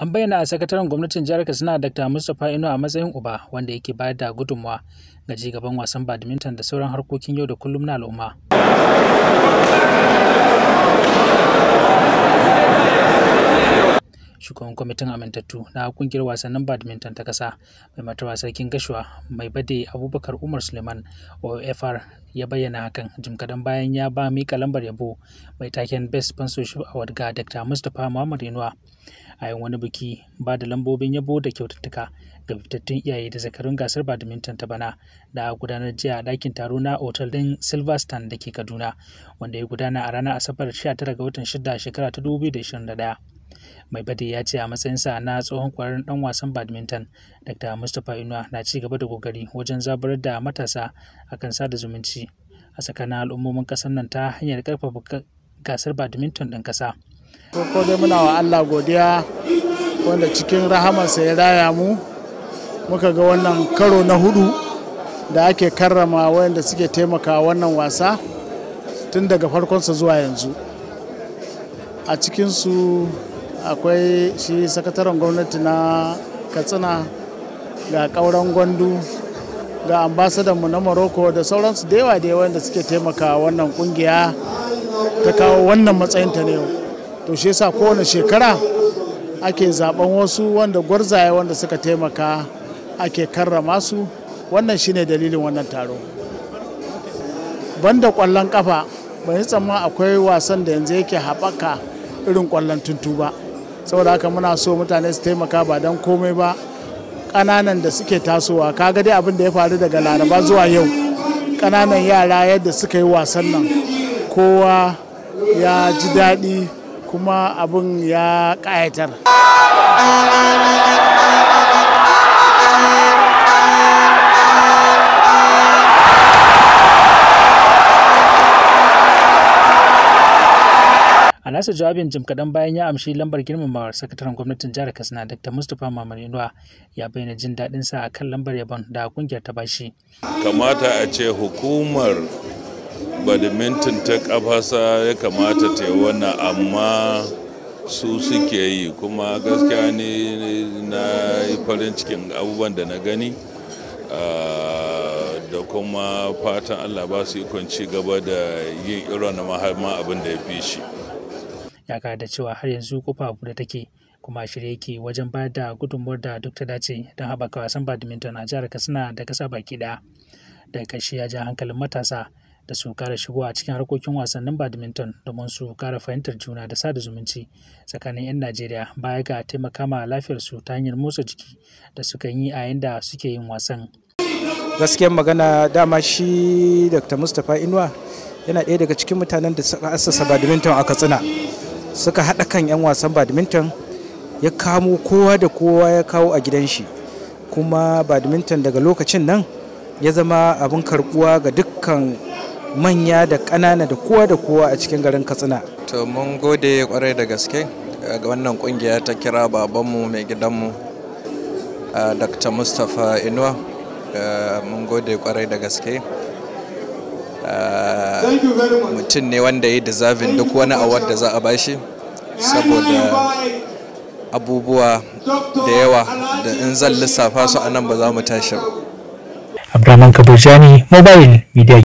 An bayyana a sakataren gwamnatin jihar Katsina Dr. Mustapha Ino a matsayin uba wanda yake bayar da gudunmawa ga cigaban wasan badminton da sauran harkokin yau da kullum na al'umma. shugaban kwamitin amintattu na kungiyar wasannin badminton ta kasa mai matawa sarkin gashuwa mai bade abubakar umar suleiman ofr ya bayyana hakan jim kadan bayan ya ba mika lambar yabo mai taken best sponsorship award ga dr mustapha muhammad inuwa a yin wani biki ba da lambobin yabo da kyaututtuka ga fitattun iyaye da zakarun gasar badminton ta bana da gudanar jiya a ɗakin taro na otal ɗin Silverstone da ke Kaduna wanda ya gudana a ranar Asabar 19 ga watan 6 shekara ta 2021. mai bade ya ce a matsayinsa na tsohon kwararren ɗan wasan badminton dr mustapha inuwa na ci gaba da kokari wajen zabar da matasa akan sada zumunci a tsakanin al'ummomin ƙasar nan ta hanyar karfafa gasar badminton ɗin ƙasa Ko dai muna wa Allah godiya wanda cikin rahamarsa ya raya mu muka ga wannan karo na hudu da ake karrama wanda suke taimaka wannan wasa tun daga farkonsa zuwa yanzu a cikinsu akwai shi sakataren gwamnati na katsina ga kauran gwandu ga mu na morocco da sauransu da yawa da yawa wanda suke taimaka wannan kungiya ta kawo wannan matsayinta ta ne yau to shi yasa kowane shekara ake zaben wasu wanda gwarzaye wanda suka taimaka ake karrama su wannan shine dalilin wannan taro banda kwallon kafa ban yi tsamma akwai wasan da yanzu yake haɓaka irin kwallon tuntu ba saboda haka muna so mutane su taimaka ba don komai ba ƙananan da suke tasowa kaga dai abin da ya faru daga laraba zuwa yau ƙananan yara yadda suka yi wasan nan kowa ya ji daɗi kuma abin ya ƙayatar. a nasa jawabin jim kaɗan bayan ya amshi lambar girmama sakataren gwamnatin jihar katsina dr mustapha mamarinuwa ya bayyana jin daɗinsa a kan lambar yabon da kungiyar ta bashi kamata a ce hukumar badminton ta kafasa ya kamata ta yi wannan amma su suke yi kuma gaskiya ne na yi farin cikin abubuwan da na gani ah, da kuma fatan allah ba su ikon ci gaba da yin irin na ma abin da ya fi shi ya da cewa har yanzu kofa da take kuma shirye yake wajen ba da gudunmuwar da duk ta dace don haɓaka wasan badminton a jihar katsina da kasa baki ɗaya da ƙarshe ya ja hankalin matasa da su kara shigo a cikin harkokin wasannin badminton domin su kara fahimtar juna da sada zumunci tsakanin 'yan najeriya baya ga taimaka ma lafiyarsu ta hanyar motsa jiki da suka yi a yanda suke yin wasan gaskiyar magana dama shi dr mustapha inuwa yana ɗaya daga cikin mutanen da suka assasa badminton a katsina suka haɗa kan 'yan wasan badminton ya kamo kowa da kowa ya kawo a gidan shi kuma badminton daga lokacin nan ya zama abin karbuwa ga dukkan manya da ƙanana da kowa da kowa a cikin garin katsina to mun gode kwarai da gaske eh, ga wannan kungiya ta kira babanmu mai gidanmu eh, dr mustapha inuwa eh, mun gode kwarai da gaske mutum ne wanda ya deserving duk wani award da za a bashi saboda abubuwa da yawa da in zan lissafa su a nan ba za mu tashi ba. Abdulrahman Kabirjani Mobile Media